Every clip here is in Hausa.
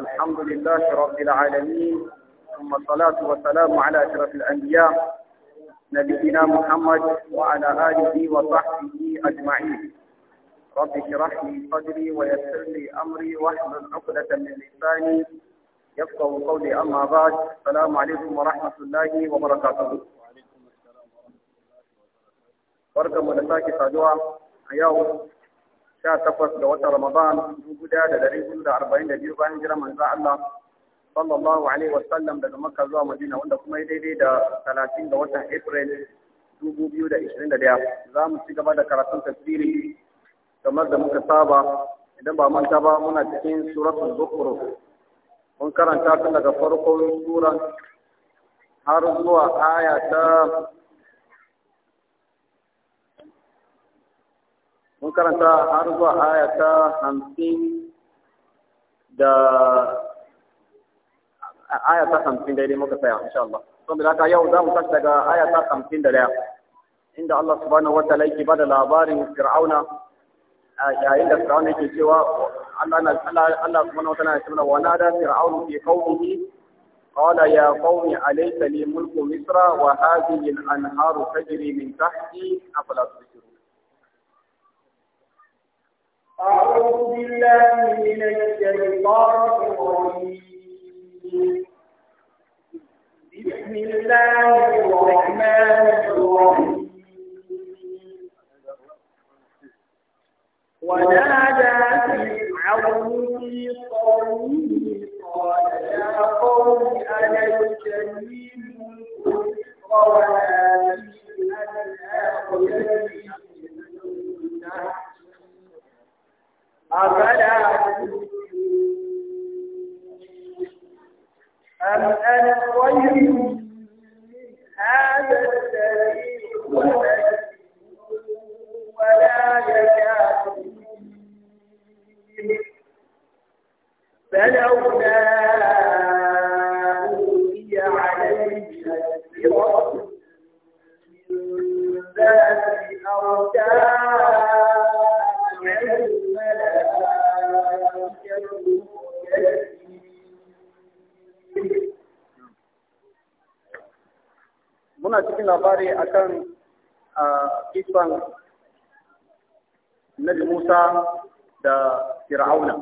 الحمد لله رب العالمين ثم الصلاة والسلام على أشرف الأنبياء نبينا محمد وعلى آله وصحبه أجمعين رب اشرح لي صدري ويسر لي أمري واحلل عقدة من لساني يفقه قولي أما بعد السلام عليكم ورحمة الله وبركاته ورحمة الله وبركاته saduwa الله yau sha takwas ga watan Ramadan dubu guda da dari hudu da arba'in da biyu bayan jiran manzo Allah sallallahu alaihi wa sallam daga Makka zuwa Madina wanda kuma ya daidai da talatin ga watan April dubu biyu da ishirin da daya za mu ci gaba da karatun tafsiri kamar da muka saba idan ba manta ba muna cikin suratul zukhruf mun karanta tun daga farkon sura har zuwa aya ta منكر انت عرض آية خمسين دا آية خمسين دايلي موكا فيها إن شاء الله ثم لك يوضا متشتك آية خمسين دا عند الله سبحانه وتعالى يكبر الأبار فرعون عند فرعون يكي سوا الله سبحانه وتعالى يسمنا ونادى فرعون في قومه قال يا قوم أليس لي ملك مصر وهذه الأنهار تجري من تحتي أفلا تبصرون أعوذ بالله من الشيطان الرجيم بسم الله الرحمن الرحيم ونادى فرعون في قومه قال يا قوم أنا الكريم ولكن أنا أعلم أفلا أم أنا خير من هذا الذي ولا يكاد فلولا ألقي عليك شكرة من ذات أوتاد muna cikin labari akan kisan Nabi Musa da Fir'auna.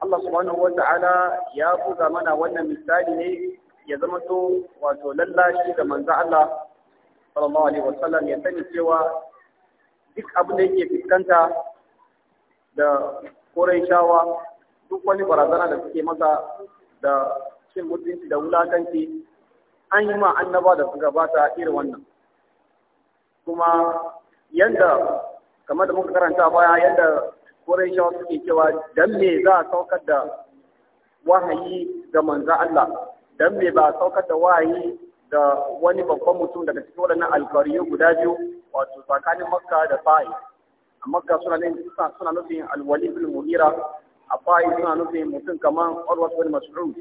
Allah subhanahu wa ta'ala ya buga mana wannan misali ne ya zama to wato lallashi da manzo Allah sallallahu alaihi wasallam ya sani cewa duk abin da yake fuskanta da shawa. duk wani barazana da suke masa da cin mutunci da wulakanci an yi ma annaba da su gabata irin wannan kuma yadda kamar da muka karanta baya yadda Qurayshawa suke cewa dan me za a saukar da wahayi ga manzo Allah dan me ba a saukar da wahayi da wani babban mutum daga cikin waɗannan alkariyu guda biyu wato tsakanin Makka da Fa'i Makka suna nufin Al-Walid bin muhira. afa suna nufin mutum kamar Urwat bin Mas'ud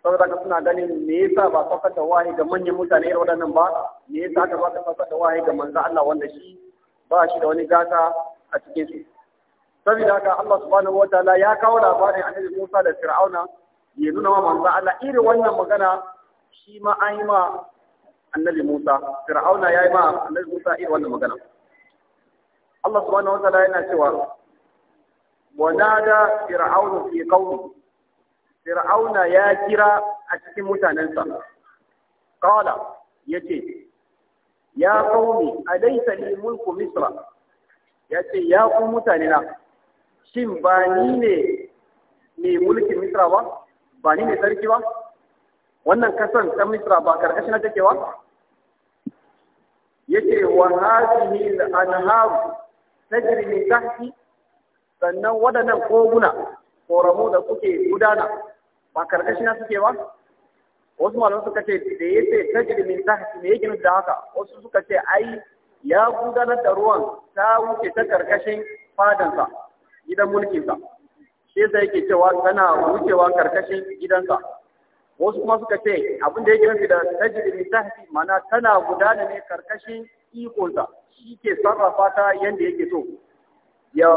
saboda ka suna ganin me yasa ba saukar da wahayi ga manyan mutane irin waɗannan ba me yasa aka ba ka saukar da wahayi ga manzo Allah wanda shi ba shi da wani gata a cikin su saboda haka Allah subhanahu wataala ya kawo labarin annabi Musa da Fir'auna ya nuna wa manzo Allah irin wannan magana shi ma an yi ma annabi Musa Fir'auna ya yi ma annabi Musa irin wannan magana Allah subhanahu wataala yana cewa wanada Fir'auna fi qawmi fir'auna ya kira a cikin mutanensa qala yace ya qawmi alaysa li mulku misra yace ya ku mutane na shin ba ni ne mulkin misra ba ba ni ne sarki ba wannan kasan ta misra ba karkashin na take ba yace wa hadhihi al-anhar tajri min tahti sannan waɗannan koguna koramu da suke gudana ba karkashina suke ba wasu malamai suka ce da ya ce jirgin ta tahti me yake da haka wasu suka ce ai ya gudanar da ruwan ta wuce ta karkashin fadansa gidan mulkinsa shi yasa yake cewa tana wucewa karkashin gidansa wasu kuma suka ce abin da yake nufi da jirgin ta tahti mana tana gudana ne karkashin ikonsa shi ke sarrafa ta yanda yake so ya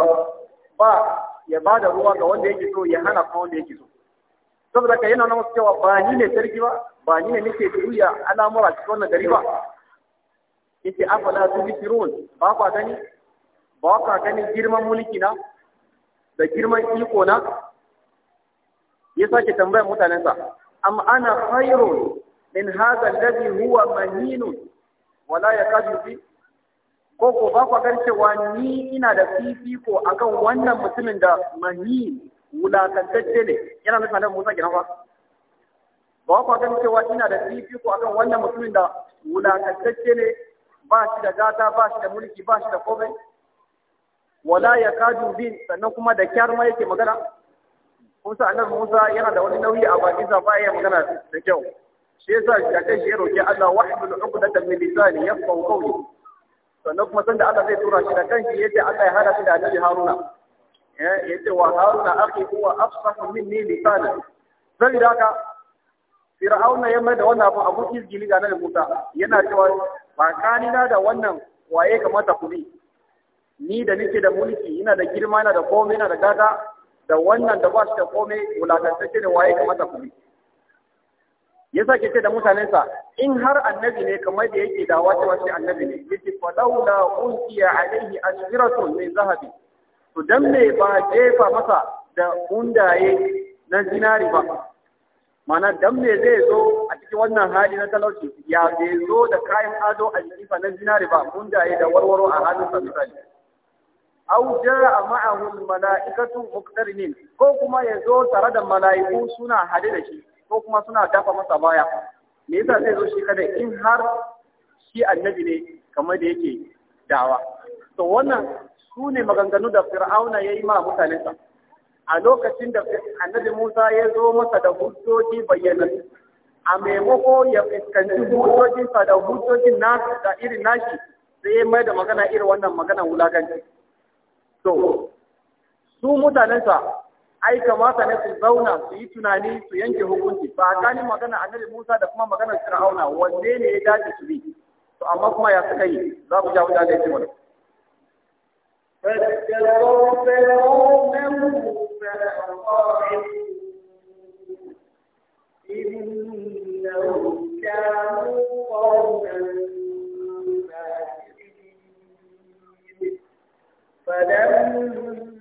ba ya ba da ruwa ga wanda yake so ya hana kuma wanda yake so saboda ka yana nuna cewa ba ni ne sarki ba ba ni ne nake juya al'amura cikin wannan gari ba yace afala tubsirun ba kwa gani ba ka gani girman mulki na da girman iko na ya sake tambayar mutanensa am ana khairun min hadha alladhi huwa mahinun wala yakadu fi ko ko ba ku gan cewa ni ina da fifiko akan wannan mutumin da mani wulakantacce ne yana nufin annabi Musa kenan fa ba ku gan cewa ina da fifiko akan wannan mutumin da wulakantacce ne ba shi da gata ba shi da mulki ba shi da komai wala ya kadu bin sannan kuma da kyar ma yake magana Musa annabi Musa yana da wani nauyi a bakin sa ba ya magana da kyau shi yasa ya kai shi ya roki Allah wahdul uqdatan min lisani yafqahu qawli sannan kuma sanda Allah zai tura shi da kanki yace aka ya hada da Annabi Haruna eh, yace wa Haruna akhi huwa afsahu minni lisana sai da ka Fir'auna ya mai da wannan abu abu izgili ga nan Musa yana cewa ba na da wannan waye kamata ku bi ni da nake da mulki ina da girma ina da komai ina da gaga da wannan da ba shi da komai wulakantacce ne waye kamata ku bi ya sake ce da mutanensa in har annabi ne kamar da yake da wata wasu annabi ne yace fa laula unkiya alaihi ashiratu min zahabi to dan me ba jefa masa da kundaye na zinari ba mana dan me zai zo a cikin wannan hali na talauci ya zai zo da kayan ado a jikinsa na zinari ba kundaye da warwaro a hannunsa misali aw jaa ma'ahu al-mala'ikatu muqtarinin ko kuma ya zo tare da mala'iku suna hade da shi ko kuma suna dafa masa baya me yasa zai zo shi kada in har shi annabi ne kamar da yake dawa to wannan su ne maganganu da fir'auna ya yi ma mutanensa a lokacin da annabi musa ya zo masa da hujjoji bayyana. a maimako ya fuskanci hujjojinsa da hujjojin nasu da irin nashi sai ya mai da magana irin wannan magana wulaganci to su mutanensa ai kamata ne su zauna su yi tunani su yanke hukunci ba a kani magana annabi Musa da kuma maganar Fir'auna wanne ne ya dace su bi to amma kuma ya suka yi za ku ja mutane ce mana فلما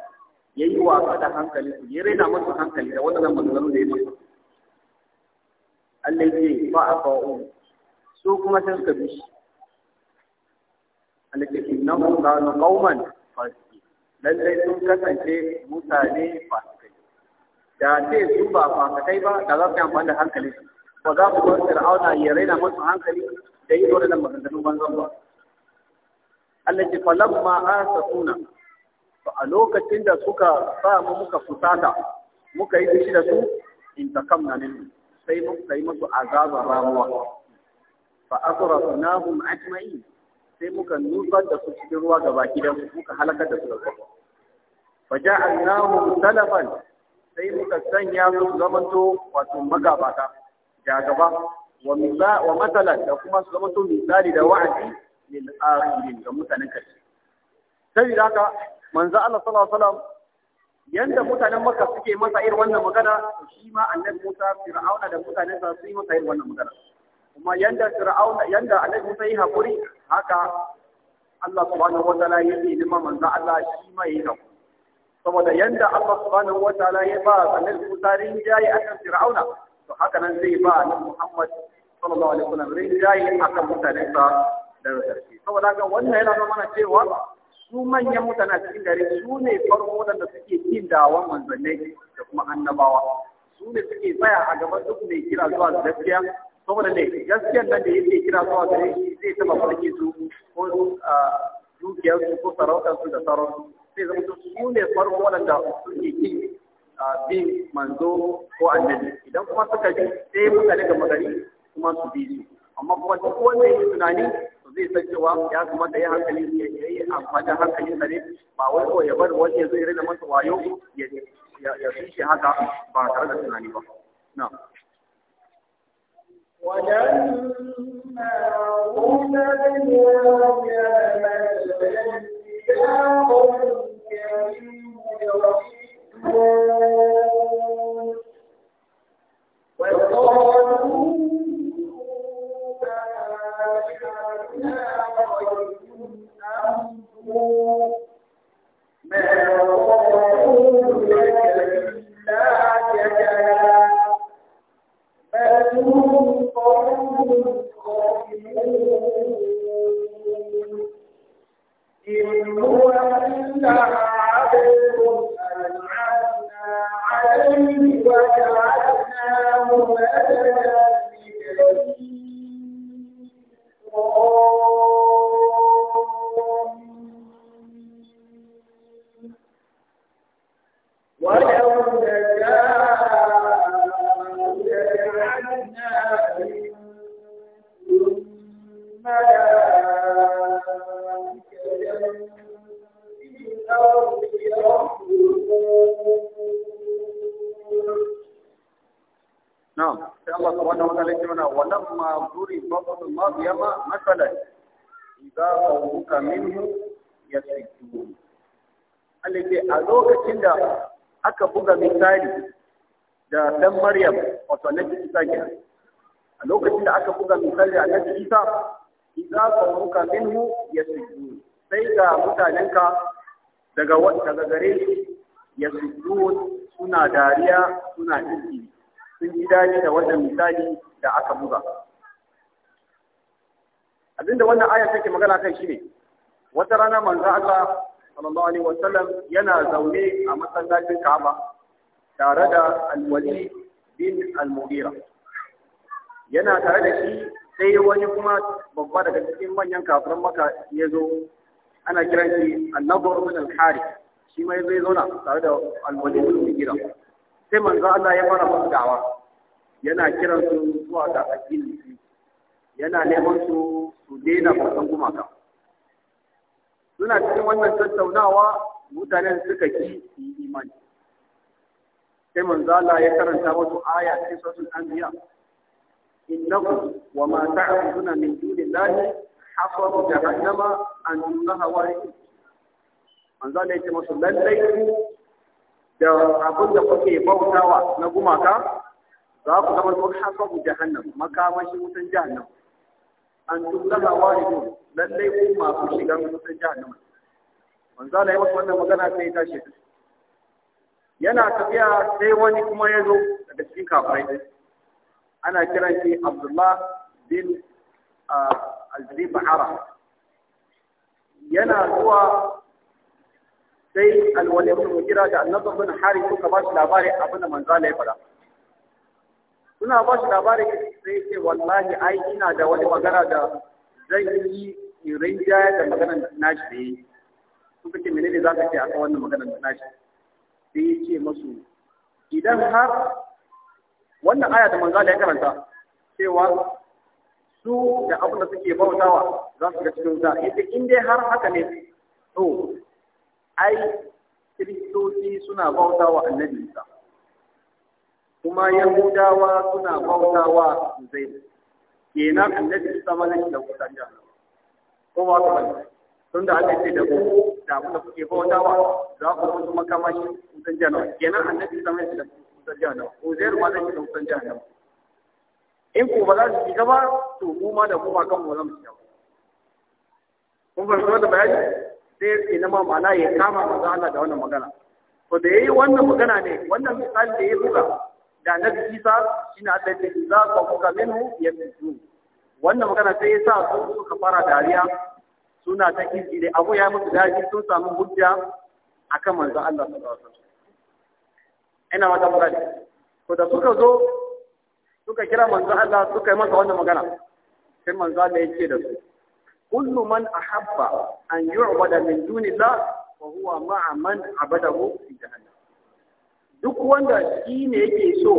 ya yi wasa da hankali ya raina masa hankali da wannan maganganu da ya masa Allah ya ce fa aqa'u su kuma sai suka bi shi Allah ya ce innahu kanu qauman fasiqin lallai sun kasance mutane fasikai da ce su ba fasikai ba da za su yi amfani da hankali ba za su ga fir'auna ya raina masa hankali da yi wannan maganganun banzan ba Allah ya ce falamma asafuna a lokacin da suka sa mu muka fusata muka yi fushi da su in takamna min sai muka yi musu azabar ramuwa fa asrafnahum ajma'in sai muka nufar da su cikin ruwa gaba gidan muka halakar da su da kuma fa ja'alnahum salafan sai muka sanya su zamanto wato magabata ga gaba wa misa wa matalan da kuma su zamanto misali da wa'azi lil akhirin ga mutanen karshe sai da haka manzo Allah sallallahu alaihi wasallam yanda mutanen Makka suke masa irin wannan magana to shi ma annabi Musa Fir'auna da mutanen sa su yi masa irin wannan magana kuma yanda Fir'auna yanda annabi Musa yi hakuri haka Allah subhanahu wa ta'ala ya yi nima manzo Allah shi ma yi hakuri saboda yanda Allah subhanahu wa ta'ala ya ba annabi Musa rinjaye akan Fir'auna to haka nan zai ba annabi Muhammad sallallahu alaihi wasallam rinjaye akan mutanen sa da sarki saboda haka wannan yana nuna mana cewa su manyan mutane a cikin gari su ne farko waɗanda suke yin dawon manzannai da kuma annabawa su ne suke tsaya a gaban duk mai kira zuwa gaskiya saboda ne gaskiyar nan da yake kira zuwa gare shi zai taba farki su ko dukiyarsu ko sarautarsu da sarau sai zama su ne farko waɗanda suke a bin manzo ko annabi idan kuma suka bi sai mutane ga magari kuma su bi amma kuma duk wanda yake tunani zai san cewa ya kamata ya hankali ya yi amfani da hankali sa ne ba wai ko ya bar wani ya zai rina masa wayo ya tushe haka ba tare da tunani ba na ولما wannan masallaci mana wannan ma guri babu ma biyama za idza qawmuka minhu ya Allah ce a lokacin da aka buga misali da dan Maryam wato Annabi Isa kenan a lokacin da aka buga misali da Annabi Isa idza qawmuka minhu yasjudun sai ga mutanenka daga wata gare ya yasjudun suna dariya suna izini sun ji daɗi da wannan misali da aka buga abinda wannan aya take magana kai shi ne wata rana manzo Allah sallallahu alaihi wasallam yana zaune a masallacin Ka'aba tare da al wali bin Al-Mughira yana tare da shi sai wani kuma babba daga cikin manyan kafiran maka ya zo ana kiran shi Al-Nadhr shi mai zai zauna tare da al wali bin Mughira sai manzo Allah ya fara musu yana kiran su zuwa ga addini yana neman su su daina bautan gumaka suna cikin wannan tattaunawa mutanen suka ki imani sai manzo Allah ya karanta musu aya sai suratul anbiya innakum wa ma ta'buduna min dunillahi hasabu jahannama antum laha warithun manzo Allah ya ce musu lallai da abin da kuke bautawa na gumaka za ku zama haka ku, jahannam makamashi wutan jahannam an tullaha ne lallai ku masu shiga wutan jahannam wanda Allah ya wannan magana sai ta shi yana tafiya sai wani kuma ya zo daga cikin kafirai ana kiran shi Abdullah bin ah, Al-Zibara yana zuwa sai alwali ibn mujira da annabi ibn hari suka ba shi labari abin da manzo Allah ya fara suna ba shi labari sai ce wallahi ai ina da wani magana da zan yi in rinjaya da maganar nashi da yi suka ce menene za ka ce akan wannan maganar nashi sai ya ce masu idan har wannan aya da manzo Allah ya karanta cewa su da abin da suke bautawa za su ga cikin wuta yace in dai har haka ne to ai kiristoci suna bauta wa annabi Isa kuma yahudawa suna bauta wa zai kenan annabi Isa ma zai da wuta jahannam ko ba ka tun da Allah ce da ku da abin da kuke bauta wa za ku mutu shi kusan jahannam kenan annabi Isa ma zai da wutan ko zai ma zai da wutan jahannam in ku ba za su shiga ba to mu ma da ku ba kan mu zan shiga kun fahimci da bayani sai ya ma ma'ana ya kama maza Allah da wannan magana to da ya yi wannan magana ne wannan misali da ya buga da annabi Isa shine Allah ya ce za ka buga minhu yasjudu wannan magana sai ya sa su suka fara dariya suna ta kinji da abu ya musu daji sun samu hujja akan manzo Allah su alaihi ina wata magana to da suka zo suka kira manzo Allah suka yi masa wannan magana sai manzo Allah ya ce da su كل من أحب أن يعبد من دون الله فهو مع من عبده في جهنم duk wanda shi ne yake so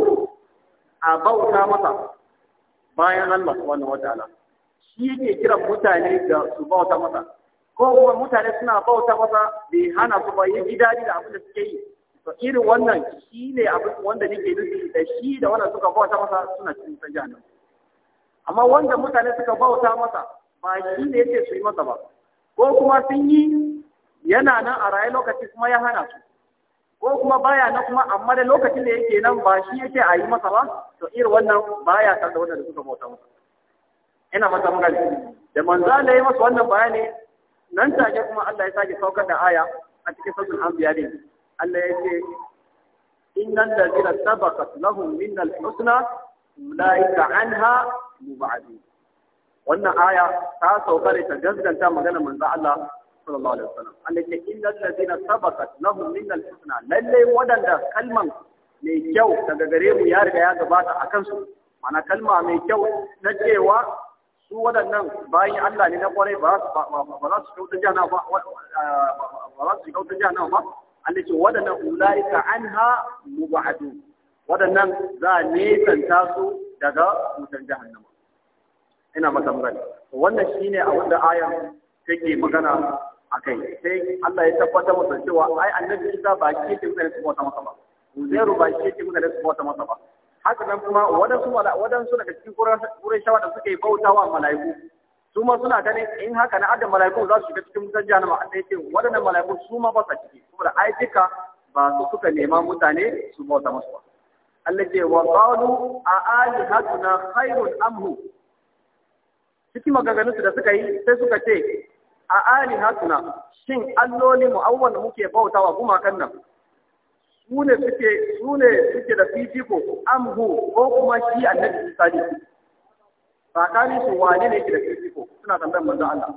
a bauta masa bayan Allah subhanahu wataala shi yake kira mutane da su bauta masa ko kuma mutane suna bauta masa bai hana su ba yi dadi da abin da suke yi to irin wannan shi ne abin wanda nake nufi da shi da wanda suka bauta masa suna cikin sajanan amma wanda mutane suka bauta masa ba shi ne yake su yi masa ba ko kuma sun yi yana nan a raye lokaci kuma ya hana su ko kuma baya na kuma amma da lokacin da yake nan ba shi yake a yi masa ba to irin wannan baya ya da wanda da suka bauta masa ina mata magana da manzo Allah ya masa wannan bayani nan take kuma Allah ya sake saukar da aya a cikin sautul anbiya ne. Allah ya ce innal ladina sabaqat lahum minal husna ulaika anha mubadun wannan aya ta sauka ne ta gaskanta magana manzo Allah sallallahu alaihi wasallam Allah ke innal ladina sabaqat lahum minnal husna lalle wadanda kalman mai kyau daga gare mu ya riga ya gabata akan su mana kalma mai kyau na cewa su waɗannan bayan Allah ne na kwarai ba za su kauta jana ba ba za su kauta jana ba Allah ce waɗannan ulaika anha mubadu waɗannan za a nesanta su daga wutan jahannama ina maka magana wannan shine abin da ayar take magana a kai sai Allah ya tabbatar masa cewa ai annabi Isa ba shi yake mutane su bauta masa ba Uzairu ba shi yake mutane su bauta masa ba haka nan kuma wadansu wadansu daga cikin Qurayshawa da suke bautawa mala'iku su ma suna ganin in haka na adam mala'iku za su shiga cikin wutar jahannama a sai ce waɗannan mala'iku su ma ba sa ciki saboda ai duka ba su suka nema mutane su bauta masu ba Allah ce wa qalu a alihatuna khairun amhu cikin maganganunsu da suka yi sai suka ce a ali hatuna shin alloli mu awwal muke bautawa gumakan nan su ne suke su ne suke da fifiko amhu ko kuma shi annabi Isa ne tsakanin su wane ne yake da fifiko suna tambayar manzo Allah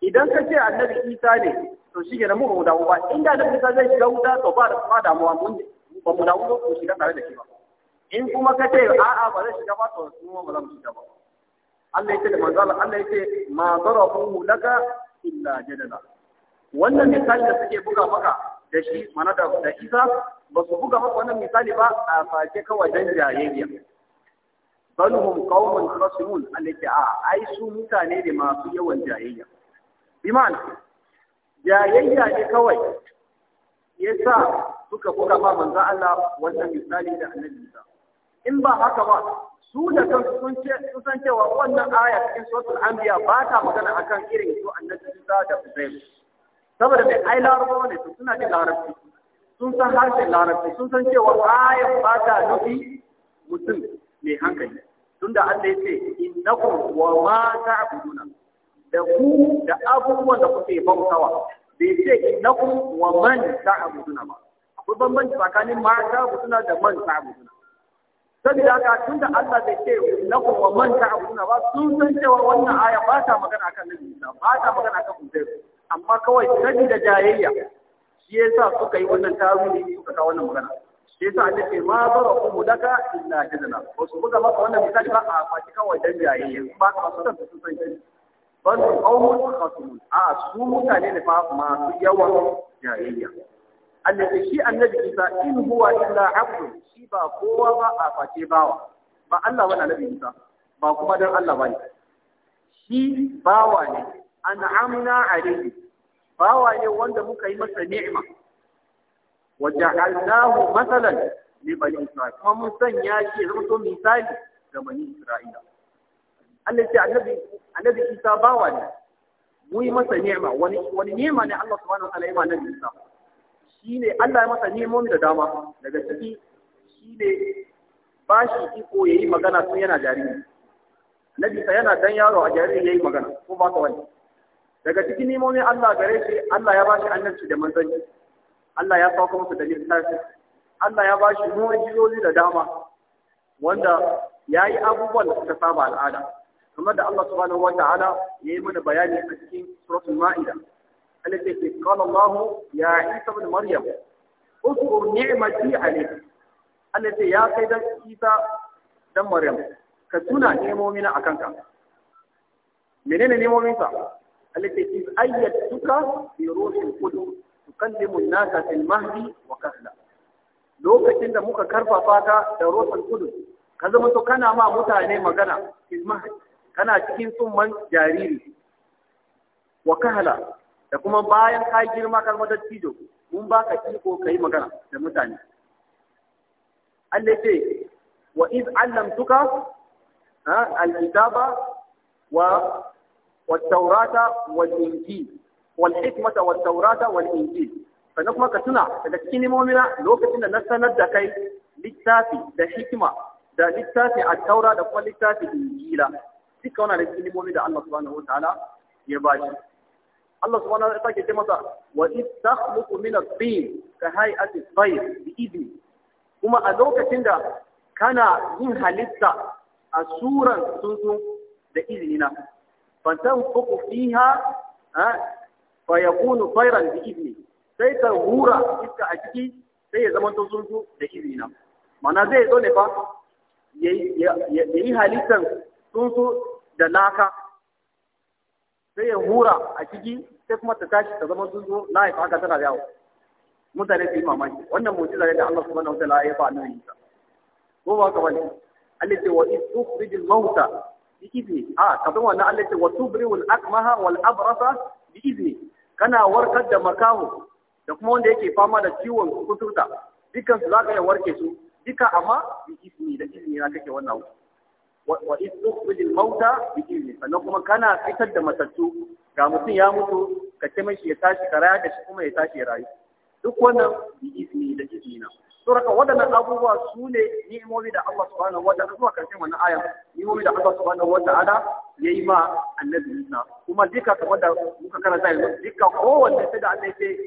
idan ka ce annabi Isa ne to shi ke da mu ba dawo ba inda annabi Isa zai shiga wuta to ba da damuwa mun ba mu dawo ko shiga tare da shi ba in kuma ka ce a'a ba zai shiga ba to mu ba za mu shiga ba Allah yake da manzo Allah yake ma darabu laka illa jadala wannan misali da suke buga maka da shi mana da da Isa ba su buga maka wannan misali ba a face kawai dan jayayya bal hum qaumun khasimun allati a ai su mutane ne masu yawan jayayya bi ma'ana jayayya ne kawai yasa suka buga ma manzo Allah wannan misali da Annabi Isa in ba haka ba su da kansu sun san cewa wannan aya cikin suratul anbiya ba ta magana akan irin su annabi Isa da Uzairu saboda mai ai larabawa ne suna jin larabci sun san harshen larabci sun san cewa aya ba ta nufi mutum mai hankali tunda Allah ya ce innakum wa ma ta'buduna da ku da abubuwan da kuke bautawa bai ce innakum wa man ta'buduna ba akwai bambanci tsakanin ma ta'buduna da man ta'buduna saboda haka tun da Allah bai ce na kuma manta ta'buduna ba sun san cewa wannan aya ba ta magana kan Nabi Isa ba ta magana kan Uzair amma kawai saboda jayayya shi yasa suka yi wannan tarihi suka kawo wannan magana shi yasa Allah ce ma barakum laka illa hidna ba su buga maka wannan misali ba a fashi kawai dan jayayya ba ka su san su san shi ban qawmun khasmun a su mutane ne fa masu yawan jayayya annabi shi annabi Isa in huwa illa abdu shi ba kowa ba a face bawa ba Allah ba annabi Isa ba kuma dan Allah bane shi bawa ne an'amna alayhi bawa ne wanda muka yi masa ni'ima wa ja'alnahu masalan li bani Isra'il kuma mun sanya shi zama to misali ga bani Isra'ila Allah ya annabi annabi Isa bawa ne mu yi masa ni'ima wani wani ni'ima ne Allah subhanahu wa ta'ala ya ma annabi Isa shine Allah ya masa nemomi da dama daga ciki shine ba shi iko yayi magana tun yana jariri nabi yana dan yaro a jariri yayi magana ko ba ka wani daga cikin nemomi Allah gare shi Allah ya ba shi annabci da manzanci Allah ya sauka musu da littafi Allah ya ba shi mu'jizozi da dama wanda ya yi abubuwan da suka saba al'ada kamar da Allah subhanahu wa ta'ala ya yi mana bayani a cikin suratul ma'ida التي قال الله يا عيسى بن مريم اذكر نعمتي عليك التي يا قيد عيسى بن مريم كتنا نعمومنا أكنك منين نعمومنك التي إذ أيدتك في القدس تكلم الناس في المهدي وكهلا lokacin da muka karfafa ka da rohul Kudu, ka zama to kana ma mutane magana kana cikin tsumman jariri wa kahala da kuma bayan ka girma kar zama dattijo mun ba ka iko kai magana da mutane Allah ce wa iz allamtuka alkitaba wa والتوراة والإنجيل wa والتوراة والإنجيل Kana kuma ka tuna daga cikin nimomina lokacin da na sanar da kai littafi da hikima da littafi a taura da kuma littafi injila duka wana da cikin nimomi da Allah subhanahu wa ta'ala ya ba Allah subhanahu wa ta'ala ke ce masa wa id takhluqu min at-tin ka hay'ati at-tayr bi kuma a lokacin da kana yin halitta a suran tsuntsu da izini na fantan fuku fiha fa yakunu tayran bi sai ka hura iska a ciki sai ya zama tsuntsu da izinina mana zai zo ne fa yayi halittan tsuntsu da laka sai ya hura a ciki sai kuma ta tashi ta zama tsuntsu na haifa haka tana yawo mutane su yi mamaki wannan mu'jiza yadda da Allah subhanahu wataala ya ba annabi Isa ko ba ka bane Allah ce wa iz tukhrijul mauta bi izni a kafin wannan Allah ce wa tubriul akmaha wal abrasa bi izni kana warkar da makahu da kuma wanda yake fama da ciwon kuturta dukkan su ka iya warke su duka amma bi izni da izni na kake wannan wa iz tukhrijul mauta bi idni sannan kuma kana fitar da matattu ga mutum ya mutu ka ce shi ya tashi ka raya da shi kuma ya tashi ya rayu duk wannan bi idni da idnina to raka waɗannan abubuwa su ne ni'imomi da Allah subhanahu wata'ala zuwa karshen wannan aya ni'imomi da Allah subhanahu ya yi ma annabi Isa kuma duka kamar da muka karanta yanzu duka kowanne sai da Allah ya ce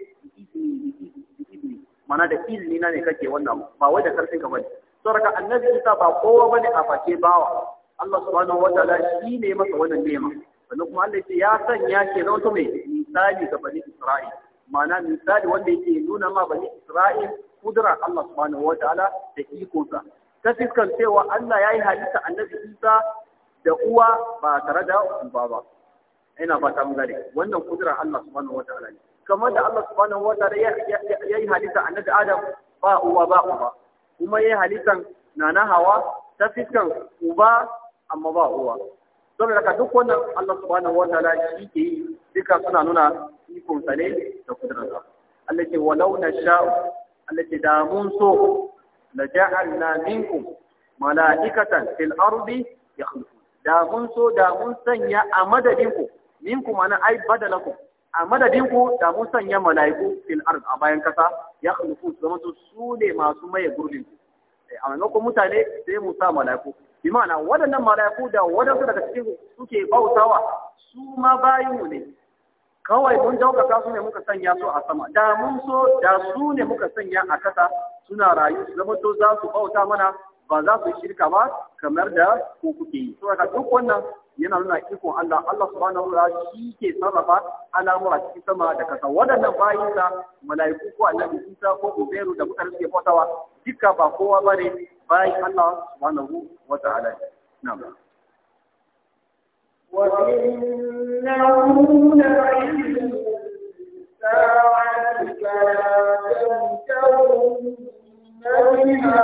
bi mana da izini na ne kake wannan ba wai da karfin ka bane saboda annabi isa ba kowa bane a face bawa Allah subhanahu wa ta'ala shi ne masa wannan nema sannan kuma Allah ya sanya ke zama to mai misali ga bani Isra'il ma'ana misali wanda yake nuna ma bani Isra'il kudura Allah subhanahu wa ta'ala da ikonsa ta fiskan cewa Allah ya yi halitta annabi Isa da uwa ba tare da uba ba ina ba ta gare wannan kudura Allah subhanahu wa ta'ala ne kamar da Allah subhanahu wa ta'ala ya yi halitta annabi Adam ba uwa ba uba kuma ya halittan na hawa ta fiskan uba amma ba uwa Don raka duk wannan Allah subhanahu wataala shi ke yi duka suna nuna ikon sa ne da kudurarsa Allah ce walau na sha Allah ce damun so la ja'alna minkum mala'ikatan fil ardi yakhluqun da Damun so damun sanya a madadinku minkum ana ai badalakum a madadin ku da mun sanya mala'iku fil ard a bayan kasa ya khulufu su zama su ne masu maye gurbin eh, a maimakon mutane sai mu sa mala'iku bi ma'ana waɗannan mala'iku da waɗansu daga cikin suke bautawa su ma bayin ne kawai mun daukaka su ne muka sanya su a sama da mun so da su ne muka sanya a kasa suna rayu su zama to za su bauta mana ba za su shirka ba kamar da ku kuke yi saboda duk wannan yana nuna ikon Allah Allah subhanahu wa ta'ala shi ke sarrafa al'amura cikin sama da kasa wadannan bayinsa mala'iku ko annabi Isa ko Ubairu da mutane suke fotawa duka ba kowa bane bayin Allah subhanahu wa ta'ala na'am وإنه لعلم الساعة فلا تمترن بها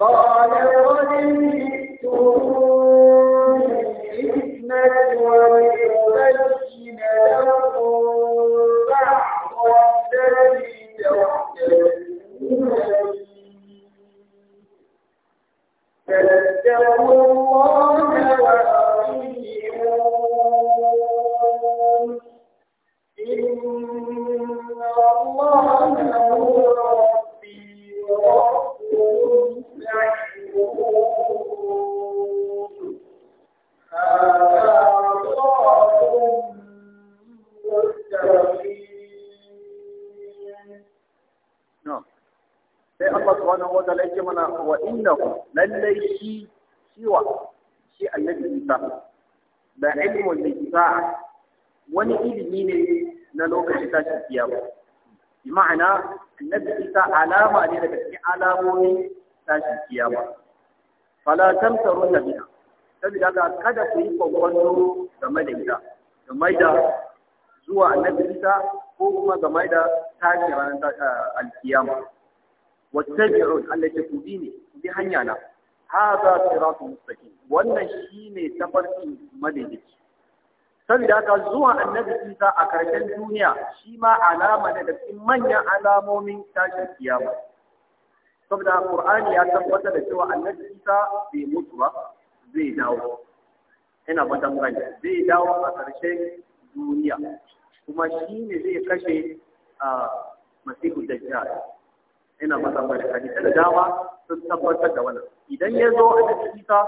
قال وإن جئتم بالحكمة ولأبين لكم subhanahu wa ta'ala yake mana wa innahu lallai shi shiwa shi annabi Isa da ilmul lisa wani ilimi ne na lokacin tashin kiyama bi ma'ana annabi Isa alama ne daga cikin alamomin tashin kiyama fala tamtarun biha saboda haka kada ku yi kwakwanto game da ita game da zuwa annabi Isa ko kuma game da tashin ranar eh, alkiyama wattabi'un Allah ya ku ne ku bi hanya na hadha siratu mustaqim wannan shine tafarki madaidaici saboda haka zuwa annabi Isa a karshen duniya shi ma alama ne da cikin manyan alamomin tashin kiyama saboda Qur'ani ya tabbatar da cewa annabi Isa bai mutu ba zai dawo ina fata mun zai dawo a karshen duniya kuma shi ne zai kashe a ah, masihu dajjal ina masa ba da hadisi da dama sun tabbatar da wannan idan ya zo a cikin isa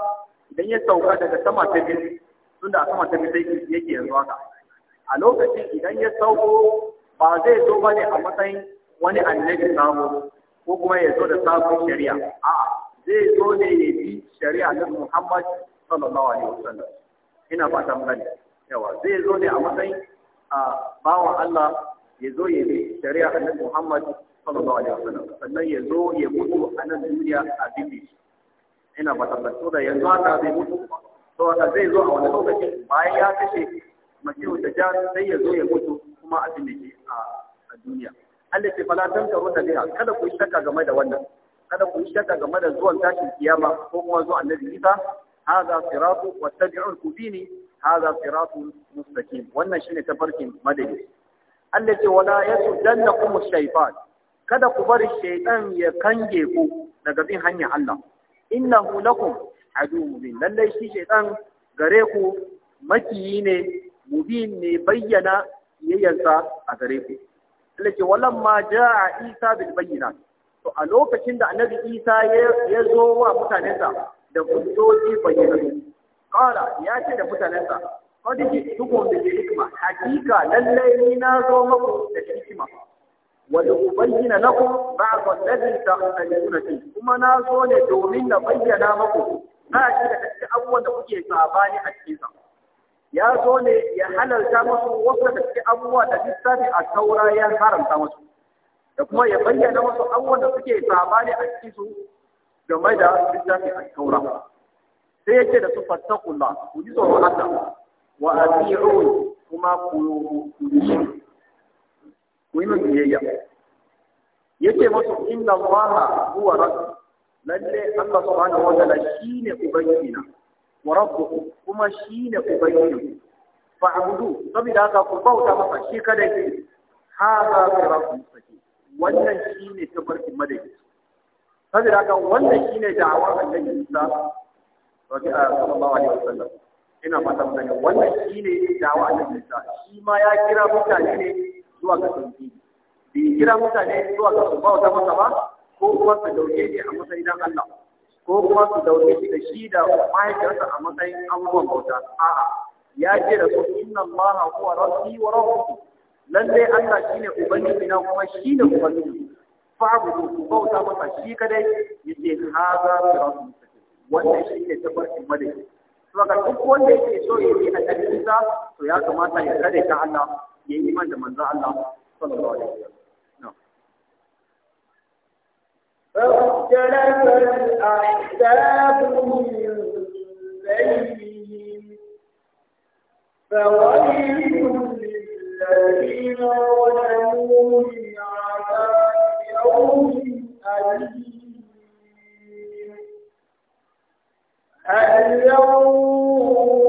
idan ya sauka daga sama ta biyu tun da a sama ta biyu sai yake yanzu haka a lokacin idan ya sauko ba zai zo ba ne a matsayin wani annabi samu ko kuma ya zo da sabon shari'a a'a zai zo ne ya bi shari'a na Muhammad sallallahu alaihi wasallam ina fata mun yawa zai zo ne a matsayin a bawan Allah ya zo ya bi shari'a na Muhammad sallallahu alaihi wasallam sannan ya zo ya mutu a nan duniya a bibi ina ba tabbato da yanzu haka zai mutu to haka zai zo a wani lokaci bayan ya kashe masihu da jan sai ya zo ya mutu kuma a bibi a duniya Allah ce fala tan karo da biya. kada ku shakka game da wannan kada ku shakka game da zuwan tashin kiyama ko kuma zuwan annabi Isa hada siratu wattabi'u kubini hada siratu mustaqim wannan shine tafarkin madadi Allah ce wala yasuddannakum shaytan kada ku bar shaitan ya kange ku daga bin hanya Allah innahu lakum adu mubin lallai shi shaitan gare ku makiyi ne mubin ne bayyana yayyansa a gare ku Allah ce ma jaa Isa bil bayyana, to a lokacin da Annabi Isa ya zo wa mutanensa da hujjoji bayyana Kala ya ce da mutanensa duk wanda bil hikma hakika lallai ni na zo muku da hikima ولأبين لكم بعض الذي تختلفون فيه كما نازون دومين بينا لكم ما شيء تتأول كي صعبان أكيدا يا زون يا حلال تامس وصل تتأول تتسابع الثورة يا حرم تامس كما يبين لكم أول كي صعبان أكيدا كما إذا تتسابع الثورة سيجد فاتقوا الله وجزوا الله وأطيعون كما قلوب كل شيء ku biyayya yake musu inna allaha huwa rabb lalle Allah subhanahu wa ta'ala shine ubangijina wa rabbukum kuma shine ubangijinku fa'budu saboda haka ku bauta masa shi kada ki hada siratu mustaqim wannan shine tabarkin madadi saboda haka wannan shine da'awar Annabi Isa sallallahu alaihi wasallam ina fata mutane wannan shine da'awar Annabi Isa shi ma ya kira mutane ne zuwa ga tauhidi bai kira mutane zuwa ga su bauta masa ba ko kuma su dauke shi a matsayin dan Allah ko kuma su dauke shi da shi da mahaifiyarsa a matsayin abubuwan bauta a'a ya ce da su inna allaha huwa rabbi wa rabbukum lalle Allah shine ubangiji na kuma shine ubangiji fa'budu ku bauta masa shi kadai yace hadha siratul mustaqim wannan shine tabbacin madadi ga duk wanda yake so ya yi a cikin to ya kamata ya kare ta Allah ya yi iman da manzon Allah sallallahu alaihi wasallam فاختلف الأحزاب من بينهم فويل للذين ظلموا من عذاب يوم أليم هل ينظرون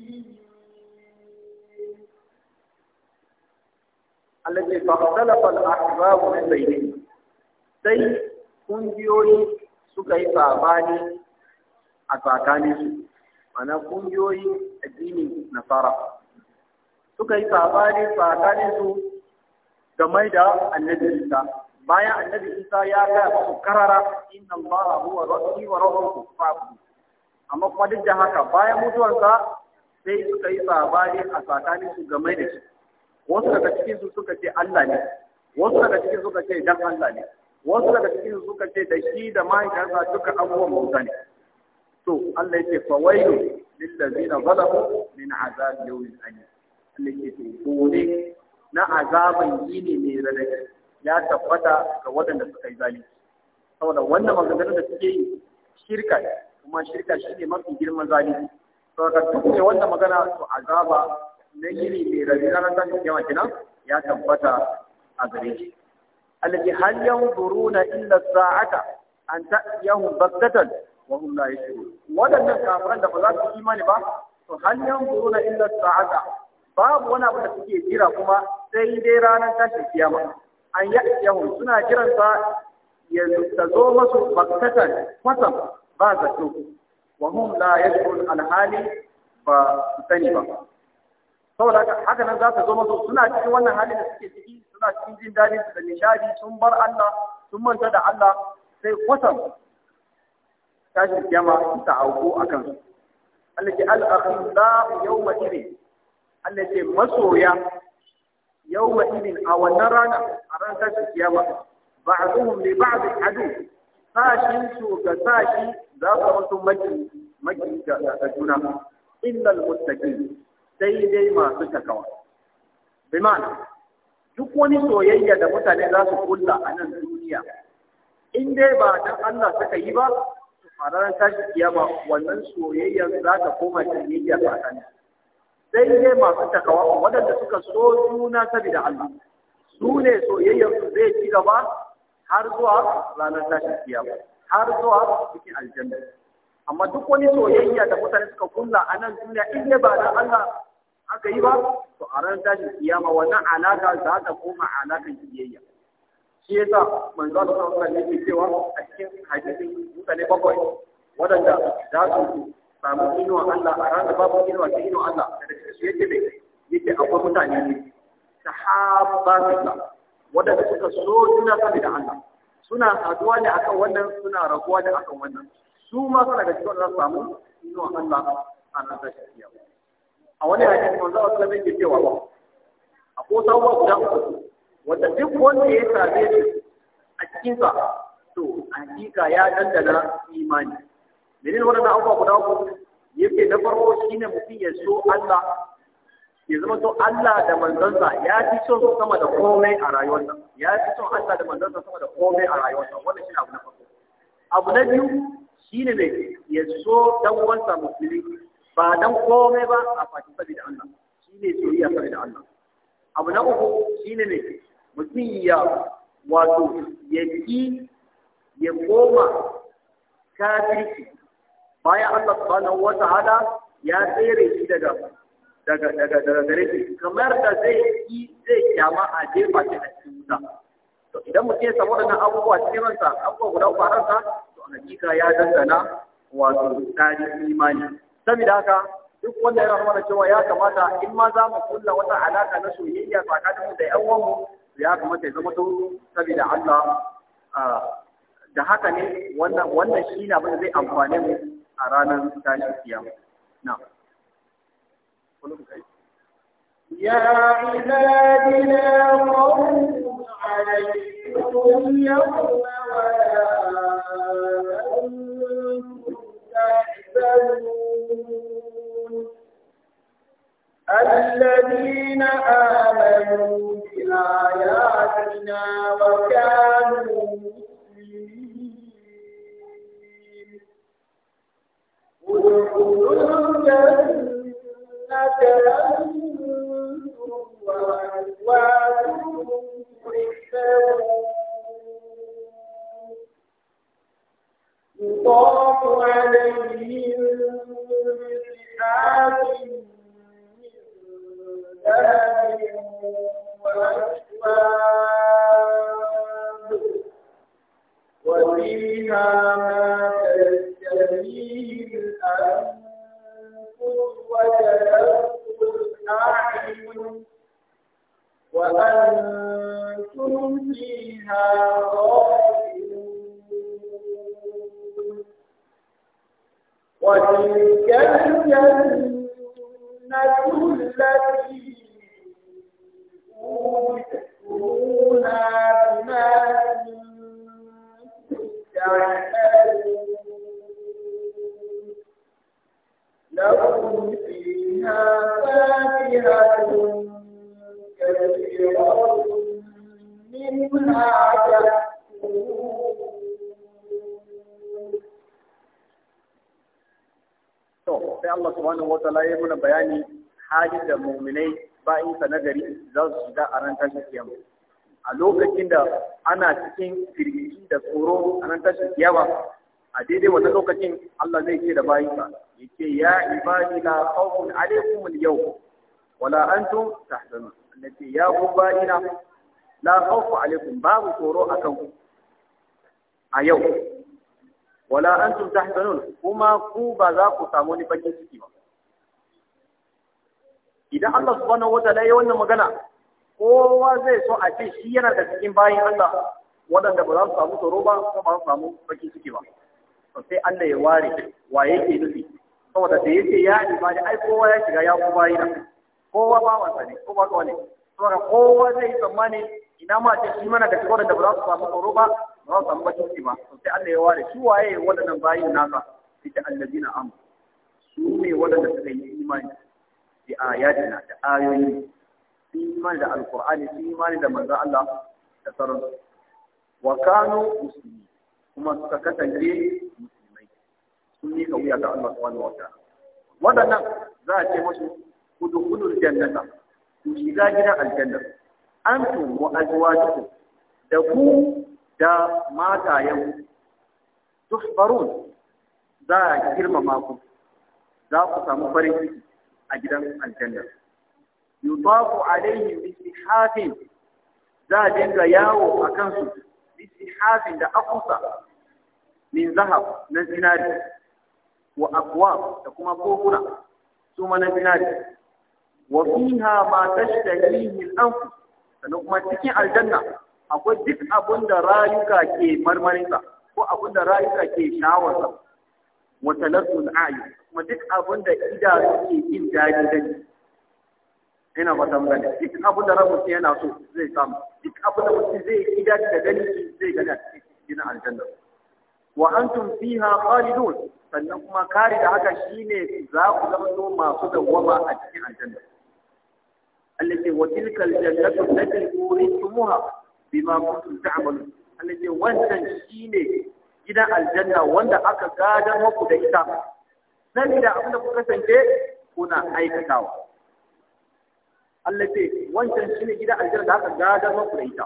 allazi fahtalafa al-ahbab min bainihim sai kungiyoyi suka yi sabani a tsakanin su mana kungiyoyi addinin nasara suka yi sabani tsakanin su game da annabi Isa bayan annabi Isa ya ga su karara inna allaha huwa rabbi wa rabbukum fa'budu amma kuma duk da haka bayan mutuwarsa sai suka yi sabani a tsakanin su game da shi wasu daga cikin su suka ce Allah ne wasu daga cikin suka ce dan Allah ne wasu daga cikin su suka ce da shi da mahaifiyarsa duka abubuwan mutane ne to Allah yake fa wailu lil ladina zalamu min azab yawmin alim Allah yake to gore na azabin yini ne radaki ya tabbata ga waɗanda suka yi zalunci saboda wannan maganganun da suke yi shirka kuma shirka shine mafi girman zalunci saboda duk ne wannan magana to azaba na gini mai rabi ranar tashin kiyama kenan ya tabbata a gare shi allati hal na illa sa'ata an ta'tiyahum baghtatan wa hum la yashurun wadannan kafiran da ba za su imani ba to hal na illa sa'ata babu wani abu da suke jira kuma sai dai ranar tashin kiyama an ya'tiyahum suna jiran sa ya zo masu baghtatan kwatam ba zato wa hum la yashurun alhali ba su sani ba saboda haka nan za ta zo masu suna cikin wannan halin da suke ciki suna cikin jin daɗi su da nishadi sun bar Allah sun manta da Allah sai kwatam tashin kiyama ta auku a kansu Allah ke al-akhla yawma idin Allah ke masoya yawma idin a wannan rana a ran tashin kiyama ba'dhum li ba'd adu sashin su ga sashi za su mutu maki maki ga juna innal muttaqin sai dai masu takawa bi ma'ana duk wani soyayya da mutane za su kulla a nan duniya in dai ba dan Allah suka yi ba a ranar tashi kiyama wannan soyayya za ta koma kiyayya tsakani sai dai masu takawa waɗanda suka so juna saboda Allah su ne soyayyar su zai ci gaba har zuwa ranar tashi kiyama har zuwa cikin aljanna amma duk wani soyayya da mutane suka kulla a nan duniya in dai ba dan Allah aka yi ba to a ran tashin kiyama wannan alaka za ta koma alakan kiyayya shi yasa manzo Allah sallallahu alaihi wasallam yake cewa a cikin hadisin ne bakwai wadanda za su samu inuwa Allah a ran da babu inuwa ta inuwa Allah da daga su yake ne yake akwai mutane ne sahabbatullah wadanda suka so juna da Allah suna haduwa ne akan wannan suna raguwa ne akan wannan su ma suna da cikin za su samu inuwa Allah a ran tashin kiyama a wani hadisi manzo Allah sallallahu alaihi cewa ba akwai sabuwa guda uku wanda duk wanda ya same shi a cikin sa to hakika ya dandana imani menene wannan abubuwa guda uku yake na farko shine mutum ya so Allah ya zama to Allah da manzansa ya fi son su sama da komai a rayuwarsa ya fi son Allah da manzansa sama da komai a rayuwarsa wannan shine abu na farko abu na biyu shine ne ya so dan uwansa musulmi ba dan komai ba a sabi da Allah shi ne soyayya da Allah abu na uku shi ne ne mutum ya wato ya ki ya koma kafirci bayan Allah subhanahu wa ta'ala ya tsere shi daga daga daga daga gare shi kamar da zai ki zai kyama a jefa shi a cikin wuta to idan mutum ya samu wannan abubuwa cikin ransa abubuwa guda uku a ransa to a hakika ya dangana wato tsarin imani saboda haka duk wanda ya yana da cewa ya kamata in ma za mu kulla wata alaka na soyayya tsakanin mu da ƴan uwanmu ya kamata ya zama to saboda Allah da haka ne wannan wannan shi ne abin da zai amfane mu a ranar tashin kiyama na يا عبادي لا خوف عليكم اليوم ولا أنتم الذين آمنوا بآياتنا وكانوا subhanahu wa ta'ala ya muna bayani halin da mu'minai bayin sa nagari za su shiga a ran tashin kiyama a lokacin da ana cikin firgici da tsoro a ran tashin kiyama a daidai wannan lokacin Allah zai ce da bayinsa ya ce ya ibadi la khawfun alaykum al-yawm wala antum tahzanun annabi ya ku bayina la khawfu alaykum babu tsoro akan ku a yau wala antum tahzanun kuma ku ba za ku samu ni bakin ciki ba idan Allah subhanahu wataala ya wannan magana kowa zai so a ce shi yana da cikin bayin Allah waɗanda ba za su samu tsoro ba ko ba su samu bakin ciki ba to sai Allah ya ware wa yake nufi saboda da yake ya da ai kowa ya shiga ya kuma yi kowa ba wasa ne kowa ba ne saboda kowa zai tsammani ina ma ce shi mana da cikin waɗanda ba za su samu tsoro ba ba su samu bakin ciki ba sai Allah ya ware su waye waɗannan bayin nasa ita allazina am su ne waɗanda suka yi imani bi ayatina da ayoyi su imani da alqur'ani su imani da manzon Allah da sauran wa Kano Musulmi, kuma suka kasance musulmai sun yi kauya ga Allah subhanahu wa ta'ala waɗannan za a ce musu udkhulul jannata ku shiga gidan aljanna antum wa azwajukum da ku da matayen tuhbarun za a girmama ku za ku samu farin ciki a gidan aljanna yutafu alaihim bi sihafin za a dinga yawo a kansu bi sihafin da akusa min zahab na zinari wa akwa da kuma kokuna, su ma na zinari wa fiha ma tashtahihi al-anfus sannan kuma cikin aljanna akwai duk abin da rayuka ke marmarinsa ko abin da rayuka ke shawarsa wa talassul ayu kuma duk abin da idanu ke jin daɗi gani ina ba tan gani duk abin da rabu yana so zai samu duk abin da mutum zai ida da gani zai gani cikin aljanna wa antum fiha khalidun sannan kuma kare da haka shine za ku zama masu dawwama a cikin aljanna Allah ce wa tilkal jannatu allati uritumuha bima kuntum ta'malun Allah ya wannan shine gidan aljanna wanda aka gadar muku da ita da abinda ku kasance kuna aikatawa Allah ce wancan shine gidan aljanna da aka gadar muku da ita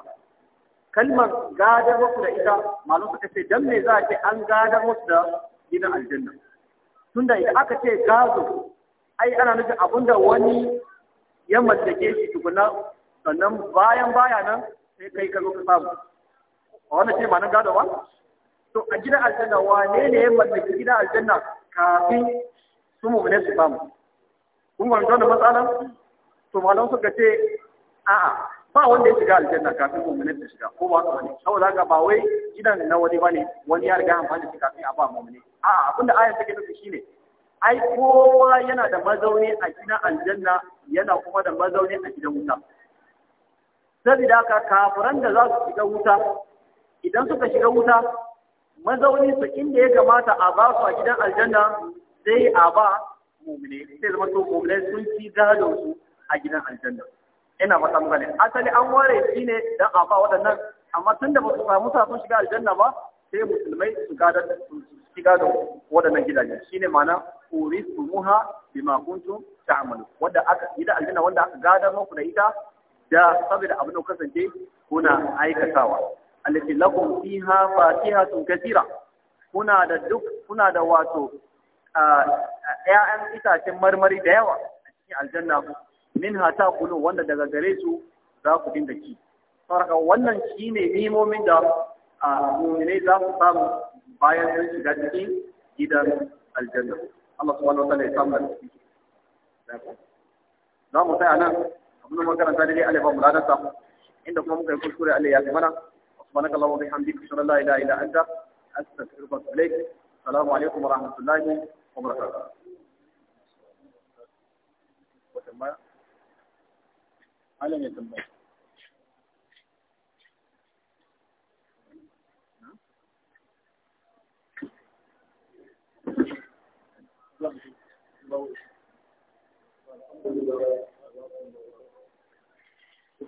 kalmar gadar muku da ita malum suka ce dan me za a ce an gadar muku da gidan aljanna tunda idan aka ce gazo ai ana nufin abinda wani ya mallake shi tukuna sannan bayan baya nan sai kai ka zo ka samu a wannan ce ma'anin gado ba to a gidan aljanna wane ne ya mallaki gidan aljanna kafin su ne su samu kun fahimci wannan matsala? to malam suka ce a'a ba wanda ya shiga aljanna kafin ne su shiga ko ba haka bane saboda haka ba wai gidan na wani bane wani ya riga amfani da kafin a ba ne a abinda ayar take nufi shine ai kowa yana da mazauni a gidan aljanna yana kuma da mazauni a gidan wuta saboda ka kafiran da za su shiga wuta idan suka shiga wuta mazauni su inda ya kamata a ba su a gidan aljanna sai a ba mumine sai zama to mumine sun ci gado su a gidan aljanna ina mata magana asali an ware shi ne dan a ba waɗannan amma tun da ba su samu sa sun shiga aljanna ba sai musulmai su gada su shiga da waɗannan gidaje shine ma'ana muha bima kuntum ta'malu wanda aka gidan aljanna wanda aka gadar muku da ita da saboda abin da kasance kuna aikatawa allati lakum fiha fatihatun kathira kuna da duk kuna da wato ƴaƴan itacen marmari da yawa a cikin aljanna ku. Min minha taqulu wanda daga gare su za ku dinga ci saboda wannan shine nimomin da mu'minai za ku samu bayan sun shiga cikin gidan aljanna Allah subhanahu wa ta'ala ya samu da za mu tsaya nan abin da makaranta dai Allah ba mu ladansa inda kuma muka yi kuskure Allah ya mana subhanaka allahumma bihamdika ashhadu la ilaha illa anta astaghfiruka wa atubu assalamu alaikum wa rahmatullahi wa barakatuh malam ya tambaya Thank you.